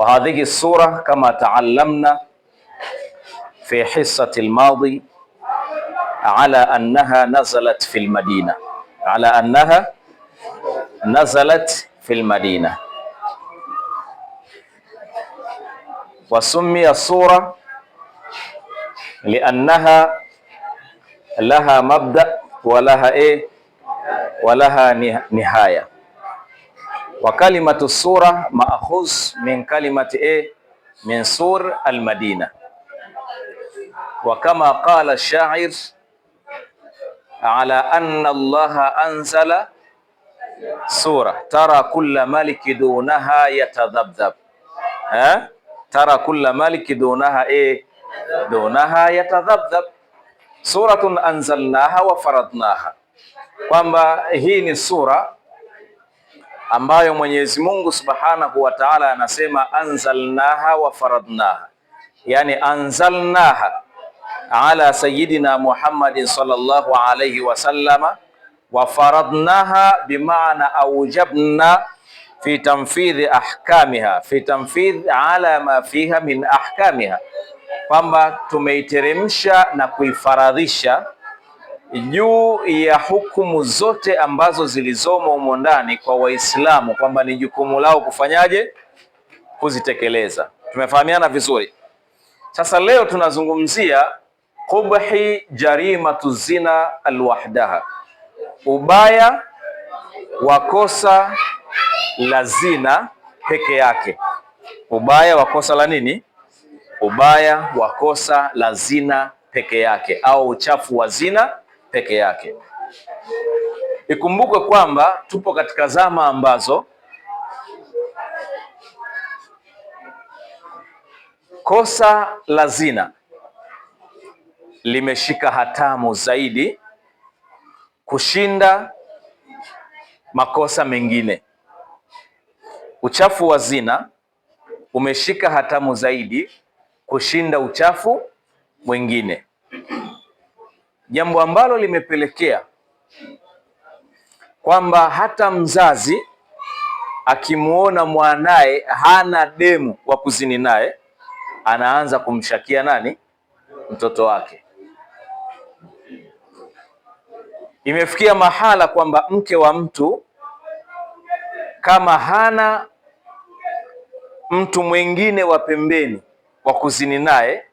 وهذه الصورة كما تعلمنا في حصة الماضي على أنها نزلت في المدينة على أنها نزلت في المدينة وسمي الصورة لأنها لها مبدأ ولها إيه ولها نهاية wa kalimatu sura maakhuz min kalimati e min sur almadina wa kama qala shair ala anna allaha anzala sura tara kulla maliki dunaha yatadhabdhab tara kulla maliki dunaha e dunaha yatadhabdhab suratun anzalnaha wa faradnaha kwamba hii ni sura ambayo Mwenyezi Mungu Subhanahu wa Ta'ala anasema anzalnaha wa faradnaha, yani anzalnaha ala sayidina Muhammadin sallallahu alayhi wasallama wa faradnaha bimaana aujabna fi tanfidhi ahkamiha fi tanfidh ala ma fiha min ahkamiha, kwamba tumeiteremsha na kuifaradhisha juu ya hukumu zote ambazo zilizomo humo ndani kwa Waislamu kwamba ni jukumu lao kufanyaje? Kuzitekeleza. Tumefahamiana vizuri. Sasa leo tunazungumzia qubhi jarimatu zina alwahdaha, ubaya wa kosa la zina peke yake. Ubaya wa kosa la nini? Ubaya wa kosa la zina peke yake, au uchafu wa zina peke yake. Ikumbukwe kwamba tupo katika zama ambazo kosa la zina limeshika hatamu zaidi kushinda makosa mengine. Uchafu wa zina umeshika hatamu zaidi kushinda uchafu mwingine jambo ambalo limepelekea kwamba hata mzazi akimuona mwanaye hana demu wa kuzini naye anaanza kumshakia nani? Mtoto wake. Imefikia mahala kwamba mke wa mtu kama hana mtu mwingine wa pembeni wa kuzini naye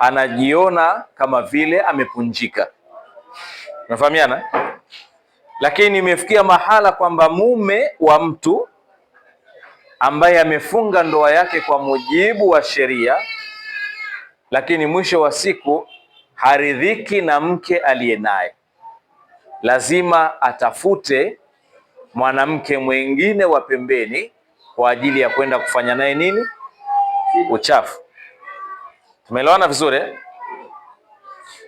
anajiona kama vile amepunjika. Unafahamiana? Lakini imefikia mahala kwamba mume wa mtu ambaye amefunga ndoa yake kwa mujibu wa sheria, lakini mwisho wa siku haridhiki na mke aliye naye, lazima atafute mwanamke mwingine wa pembeni kwa ajili ya kwenda kufanya naye nini? Uchafu. Tumeelewana vizuri eh?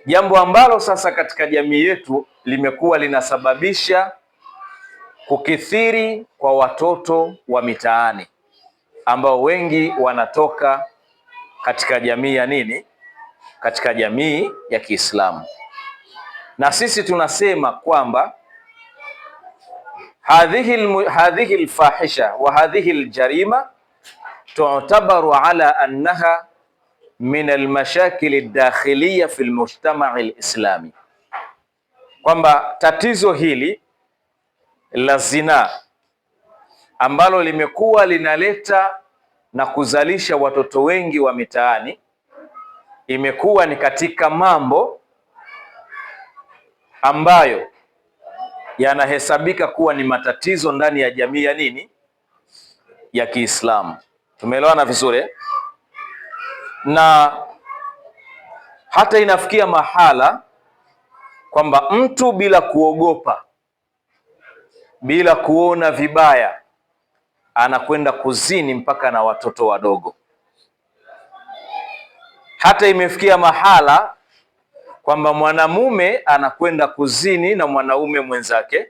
Jambo ambalo sasa katika jamii yetu limekuwa linasababisha kukithiri kwa watoto wa mitaani ambao wengi wanatoka katika jamii ya nini? Katika jamii ya Kiislamu. Na sisi tunasema kwamba hadhihi hadhihi lfahisha wa hadhihi ljarima tutabaru ala annaha min almashakili dakhiliya fi lmujtamai lislami, kwamba tatizo hili la zinaa ambalo limekuwa linaleta na kuzalisha watoto wengi wa mitaani imekuwa ni katika mambo ambayo yanahesabika kuwa ni matatizo ndani ya jamii ya nini ya Kiislamu. Tumeelewana vizuri? Eh? na hata inafikia mahala kwamba mtu bila kuogopa, bila kuona vibaya, anakwenda kuzini mpaka na watoto wadogo. Hata imefikia mahala kwamba mwanamume anakwenda kuzini na mwanaume mwenzake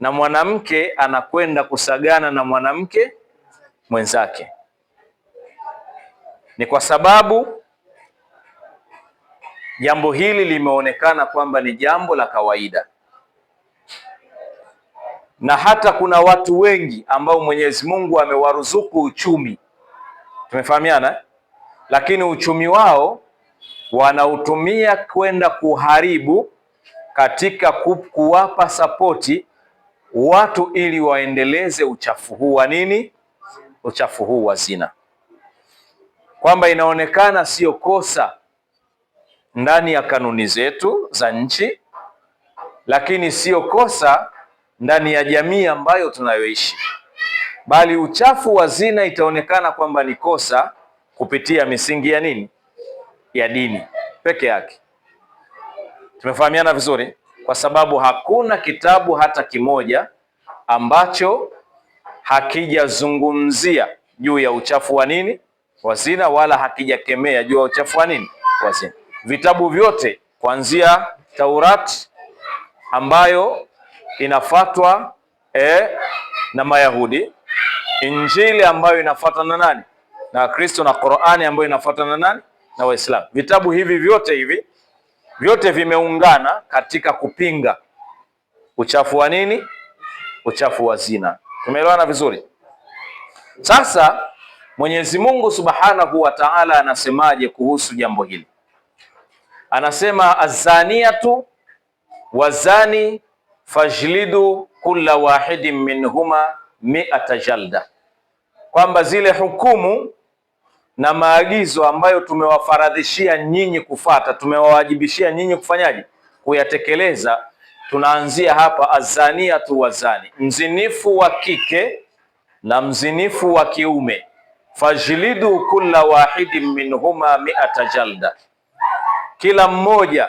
na mwanamke anakwenda kusagana na mwanamke mwenzake. Ni kwa sababu jambo hili limeonekana kwamba ni jambo la kawaida, na hata kuna watu wengi ambao Mwenyezi Mungu amewaruzuku uchumi, tumefahamiana, lakini uchumi wao wanautumia kwenda kuharibu katika kuwapa sapoti watu ili waendeleze uchafu huu wa nini? Uchafu huu wa zina kwamba inaonekana siyo kosa ndani ya kanuni zetu za nchi, lakini siyo kosa ndani ya jamii ambayo tunayoishi, bali uchafu wa zina itaonekana kwamba ni kosa kupitia misingi ya nini? Ya dini peke yake. Tumefahamiana vizuri, kwa sababu hakuna kitabu hata kimoja ambacho hakijazungumzia juu ya uchafu wa nini wa zina, wala hakijakemea juu ya uchafu wa nini wa zina. Vitabu vyote kuanzia taurat ambayo inafatwa eh, na Mayahudi, Injili ambayo inafatwa na nani na Kristo, na Qur'ani ambayo inafatwa na nani na Waislamu. Vitabu hivi vyote hivi vyote vimeungana katika kupinga uchafu wa nini? Uchafu wa zina. Tumeelewana vizuri? Sasa Mwenyezi Mungu Subhanahu wa Ta'ala anasemaje kuhusu jambo hili? Anasema azaniatu wazani fajlidu kulla wahidin minhuma mi'ata jalda, kwamba zile hukumu na maagizo ambayo tumewafaradhishia nyinyi kufata, tumewawajibishia nyinyi kufanyaje? Kuyatekeleza. Tunaanzia hapa, azaniatu wazani, mzinifu wa kike na mzinifu wa kiume fajlidu kulla wahidin minhuma mi'ata jalda, kila mmoja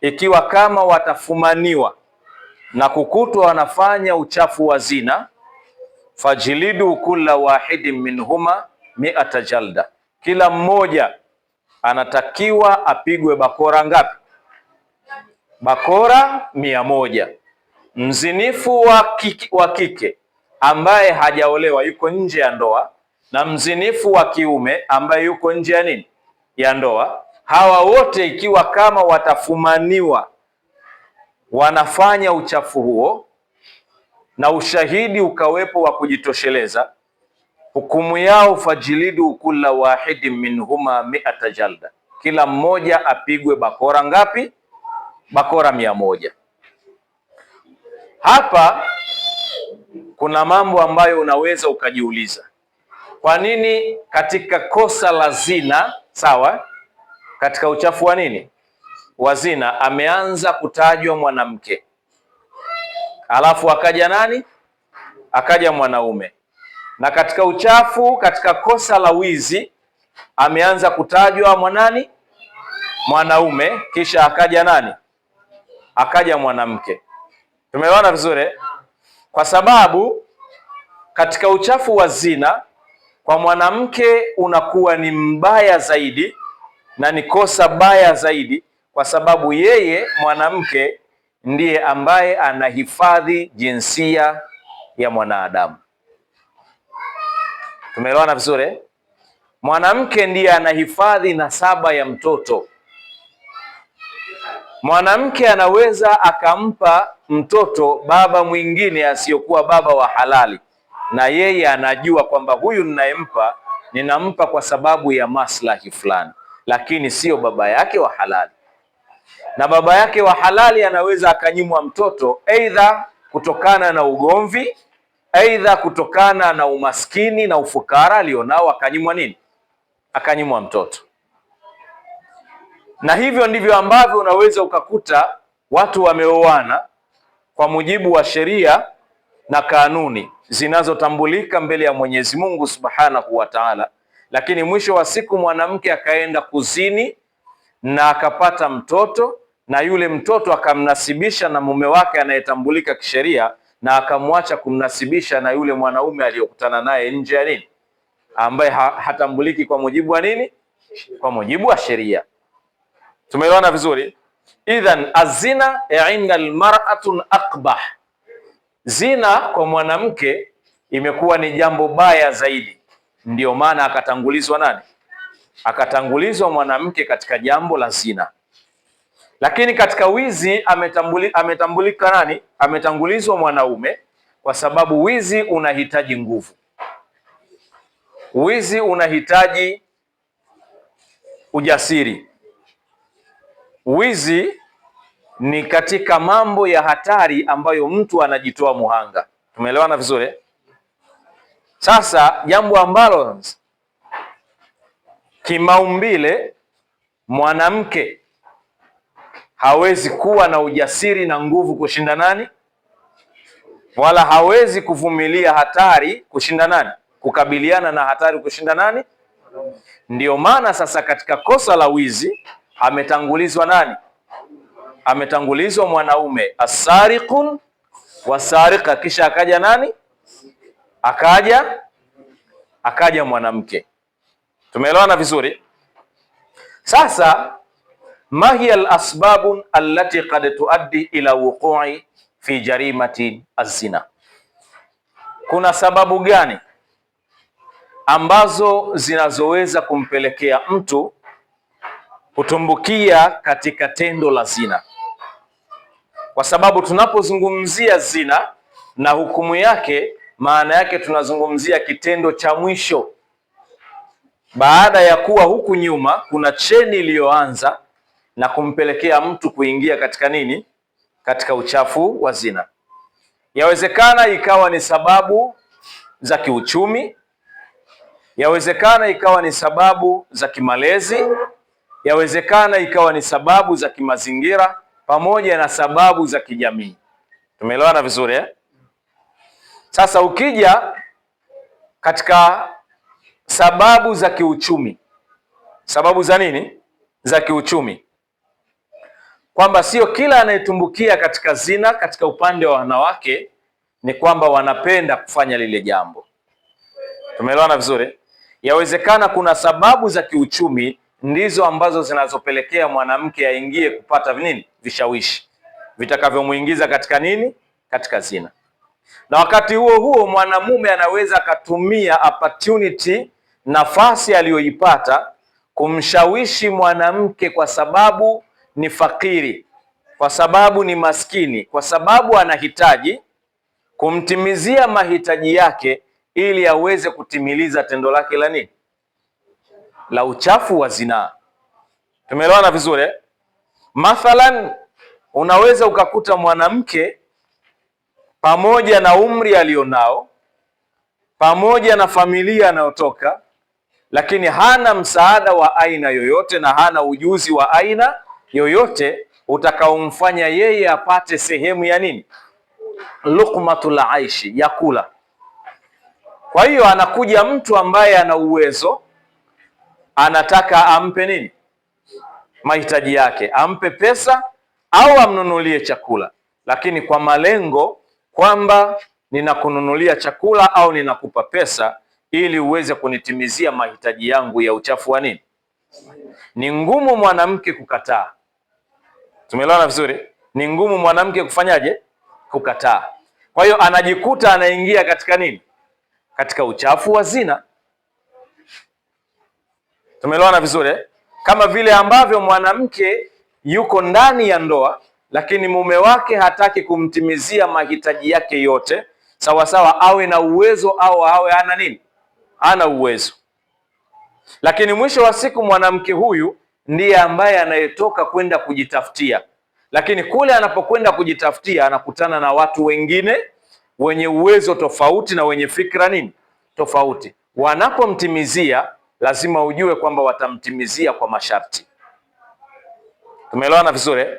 ikiwa kama watafumaniwa na kukutwa wanafanya uchafu wa zina, fajlidu kulla wahidin minhuma mi'ata jalda, kila mmoja anatakiwa apigwe bakora ngapi? Bakora mia moja. Mzinifu wa kike, wa kike ambaye hajaolewa yuko nje ya ndoa na mzinifu wa kiume ambaye yuko nje ya nini, ya ndoa, hawa wote ikiwa kama watafumaniwa wanafanya uchafu huo na ushahidi ukawepo wa kujitosheleza, hukumu yao fajilidu kulla wahidin minhuma miata jalda, kila mmoja apigwe bakora ngapi? Bakora mia moja. Hapa kuna mambo ambayo unaweza ukajiuliza kwa nini katika kosa la zina, sawa, katika uchafu wa nini wa zina ameanza kutajwa mwanamke, alafu akaja nani? Akaja mwanaume. Na katika uchafu, katika kosa la wizi ameanza kutajwa mwanani? Mwanaume, kisha akaja nani? Akaja mwanamke. Tumeona vizuri, eh? kwa sababu katika uchafu wa zina kwa mwanamke unakuwa ni mbaya zaidi na ni kosa baya zaidi, kwa sababu yeye mwanamke ndiye ambaye anahifadhi jinsia ya mwanadamu. Tumeelewana vizuri? Eh? Mwanamke ndiye anahifadhi nasaba ya mtoto. Mwanamke anaweza akampa mtoto baba mwingine asiyokuwa baba wa halali na yeye anajua kwamba huyu ninayempa ninampa kwa sababu ya maslahi fulani, lakini siyo baba yake wa halali. Na baba yake wa halali anaweza akanyimwa mtoto aidha kutokana na ugomvi, aidha kutokana na umaskini na ufukara alionao, akanyimwa nini? Akanyimwa mtoto. Na hivyo ndivyo ambavyo unaweza ukakuta watu wameoana kwa mujibu wa sheria na kanuni zinazotambulika mbele ya Mwenyezi Mungu Subhanahu wa Ta'ala, lakini mwisho wa siku mwanamke akaenda kuzini na akapata mtoto na yule mtoto akamnasibisha na mume wake anayetambulika kisheria na akamwacha kumnasibisha na yule mwanaume aliyokutana naye nje ya nini, ambaye hatambuliki kwa mujibu wa nini, kwa mujibu wa sheria. Tumeelewana vizuri? Idhan azina inda almar'atun aqbah Zina kwa mwanamke imekuwa ni jambo baya zaidi, ndiyo maana akatangulizwa nani? Akatangulizwa mwanamke katika jambo la zina. Lakini katika wizi ametambuli, ametambulika nani? Ametangulizwa mwanaume, kwa sababu wizi unahitaji nguvu, wizi unahitaji ujasiri, wizi ni katika mambo ya hatari ambayo mtu anajitoa muhanga. Tumeelewana vizuri? Sasa jambo ambalo kimaumbile mwanamke hawezi kuwa na ujasiri na nguvu kushinda nani, wala hawezi kuvumilia hatari kushinda nani, kukabiliana na hatari kushinda nani. Ndiyo maana sasa katika kosa la wizi ametangulizwa nani? ametangulizwa mwanaume asariqun wasariqa, kisha akaja nani? Akaja akaja mwanamke. Tumeelewana vizuri? Sasa, ma hiya alasbabun allati qad tuaddi ila wuqu'i fi jarimati azzina, kuna sababu gani ambazo zinazoweza kumpelekea mtu kutumbukia katika tendo la zina? kwa sababu tunapozungumzia zina na hukumu yake, maana yake tunazungumzia kitendo cha mwisho, baada ya kuwa huku nyuma kuna cheni iliyoanza na kumpelekea mtu kuingia katika nini? Katika uchafu wa zina. Yawezekana ikawa ni sababu za kiuchumi, yawezekana ikawa ni sababu za kimalezi, yawezekana ikawa ni sababu za kimazingira pamoja na sababu za kijamii. Tumeelewana vizuri eh? Sasa ukija katika sababu za kiuchumi, sababu za nini? Za kiuchumi, kwamba sio kila anayetumbukia katika zina katika upande wa wanawake ni kwamba wanapenda kufanya lile jambo. Tumeelewana vizuri? Yawezekana kuna sababu za kiuchumi ndizo ambazo zinazopelekea mwanamke aingie kupata nini, vishawishi vitakavyomwingiza katika nini, katika zina. Na wakati huo huo mwanamume anaweza akatumia opportunity, nafasi aliyoipata kumshawishi mwanamke, kwa sababu ni fakiri, kwa sababu ni maskini, kwa sababu anahitaji kumtimizia mahitaji yake ili aweze kutimiliza tendo lake la nini la uchafu wa zinaa. Tumeelewana vizuri eh? Mathalan, unaweza ukakuta mwanamke pamoja na umri alionao pamoja na familia anayotoka, lakini hana msaada wa aina yoyote na hana ujuzi wa aina yoyote utakaomfanya yeye apate sehemu ya nini, lukmatul aishi, ya kula. Kwa hiyo anakuja mtu ambaye ana uwezo anataka ampe nini mahitaji yake, ampe pesa au amnunulie chakula, lakini kwa malengo kwamba ninakununulia chakula au ninakupa pesa ili uweze kunitimizia mahitaji yangu ya uchafu wa nini. Ni ngumu mwanamke kukataa. Tumeelewana vizuri? Ni ngumu mwanamke kufanyaje? Kukataa. Kwa hiyo anajikuta anaingia katika nini? Katika uchafu wa zina. Tumeelewana vizuri eh? Kama vile ambavyo mwanamke yuko ndani ya ndoa lakini mume wake hataki kumtimizia mahitaji yake yote sawasawa, awe na uwezo au awe ana nini, ana uwezo. Lakini mwisho wa siku mwanamke huyu ndiye ambaye anayetoka kwenda kujitafutia, lakini kule anapokwenda kujitafutia anakutana na watu wengine wenye uwezo tofauti na wenye fikra nini tofauti, wanapomtimizia lazima ujue kwamba watamtimizia kwa masharti. Tumeelewana vizuri? Eh?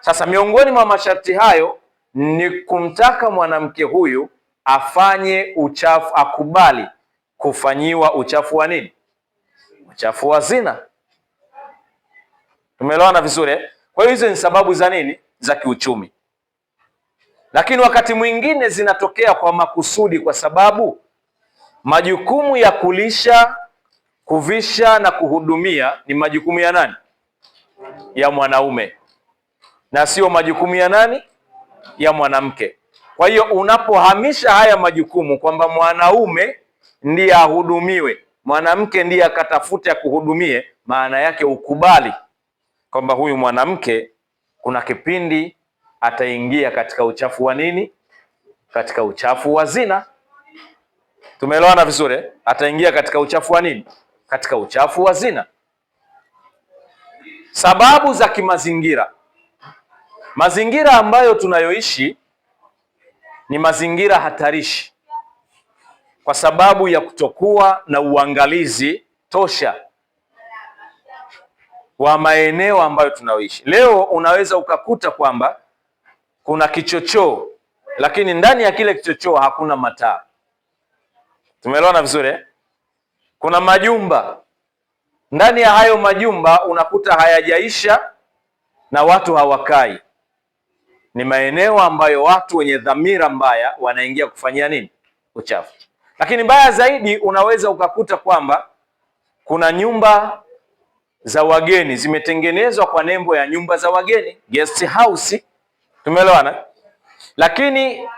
Sasa miongoni mwa masharti hayo ni kumtaka mwanamke huyu afanye uchafu, akubali kufanyiwa uchafu wa nini? Uchafu wa zina. Tumeelewana vizuri? Eh? Kwa hiyo hizo ni sababu za nini, za kiuchumi, lakini wakati mwingine zinatokea kwa makusudi, kwa sababu majukumu ya kulisha kuvisha na kuhudumia ni majukumu ya nani? Ya mwanaume, na sio majukumu ya nani? Ya mwanamke. Kwa hiyo unapohamisha haya majukumu kwamba mwanaume ndiye ahudumiwe, mwanamke ndiye akatafute akuhudumie, maana yake ukubali kwamba huyu mwanamke kuna kipindi ataingia katika uchafu wa nini? Katika uchafu wa zina. Tumeelewana vizuri? Eh? Ataingia katika uchafu wa nini? katika uchafu wa zina. Sababu za kimazingira. Mazingira ambayo tunayoishi ni mazingira hatarishi kwa sababu ya kutokuwa na uangalizi tosha wa maeneo ambayo tunayoishi. Leo unaweza ukakuta kwamba kuna kichochoo, lakini ndani ya kile kichochoo hakuna mataa. Tumeelewana vizuri eh? Kuna majumba, ndani ya hayo majumba unakuta hayajaisha na watu hawakai. Ni maeneo ambayo watu wenye dhamira mbaya wanaingia kufanyia nini? Uchafu. Lakini mbaya zaidi, unaweza ukakuta kwamba kuna nyumba za wageni zimetengenezwa kwa nembo ya nyumba za wageni, guest house. Tumeelewana? Lakini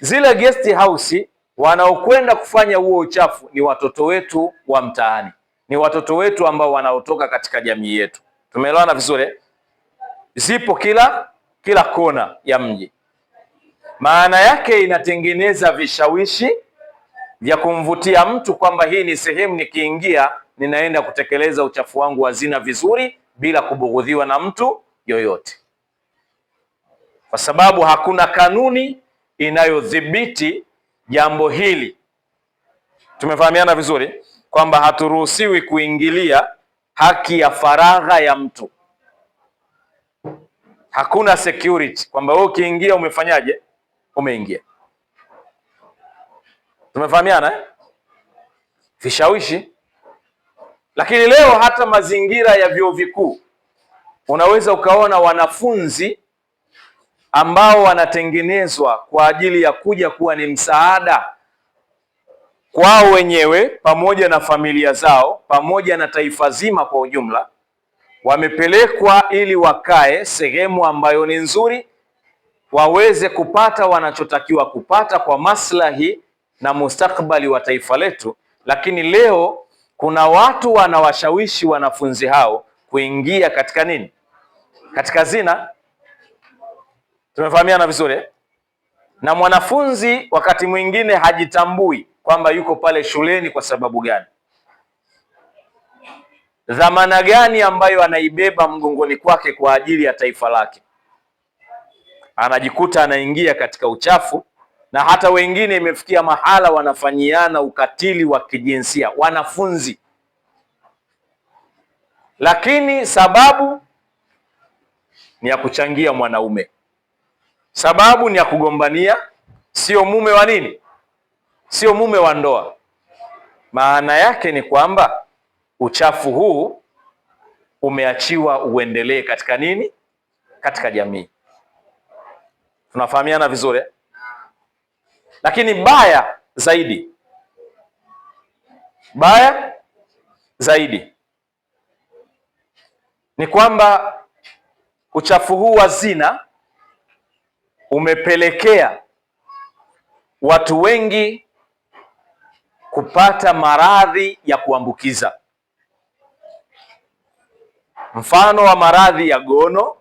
zile guest house Wanaokwenda kufanya huo uchafu ni watoto wetu wa mtaani, ni watoto wetu ambao wanaotoka katika jamii yetu. Tumeelewana vizuri? Eh? Zipo kila kila kona ya mji. Maana yake inatengeneza vishawishi vya kumvutia mtu kwamba hii ni sehemu nikiingia, ninaenda kutekeleza uchafu wangu wa zina vizuri bila kubughudhiwa na mtu yoyote, kwa sababu hakuna kanuni inayodhibiti jambo hili tumefahamiana vizuri kwamba haturuhusiwi kuingilia haki ya faragha ya mtu. Hakuna security kwamba wewe ukiingia umefanyaje, umeingia. Tumefahamiana eh? Vishawishi. Lakini leo hata mazingira ya vyuo vikuu unaweza ukaona wanafunzi ambao wanatengenezwa kwa ajili ya kuja kuwa ni msaada kwao wenyewe pamoja na familia zao pamoja na taifa zima kwa ujumla, wamepelekwa ili wakae sehemu ambayo ni nzuri, waweze kupata wanachotakiwa kupata kwa maslahi na mustakbali wa taifa letu. Lakini leo kuna watu wanawashawishi wanafunzi hao kuingia katika nini? Katika zina. Tumefahamiana vizuri eh? Na mwanafunzi wakati mwingine hajitambui kwamba yuko pale shuleni kwa sababu gani, dhamana gani ambayo anaibeba mgongoni kwake kwa ajili ya taifa lake. Anajikuta anaingia katika uchafu, na hata wengine imefikia mahala wanafanyiana ukatili wa kijinsia wanafunzi, lakini sababu ni ya kuchangia mwanaume Sababu ni ya kugombania, sio mume wa nini, sio mume wa ndoa. Maana yake ni kwamba uchafu huu umeachiwa uendelee katika nini, katika jamii. Tunafahamiana vizuri, eh? lakini baya zaidi, baya zaidi ni kwamba uchafu huu wa zina umepelekea watu wengi kupata maradhi ya kuambukiza. Mfano wa maradhi ya gono,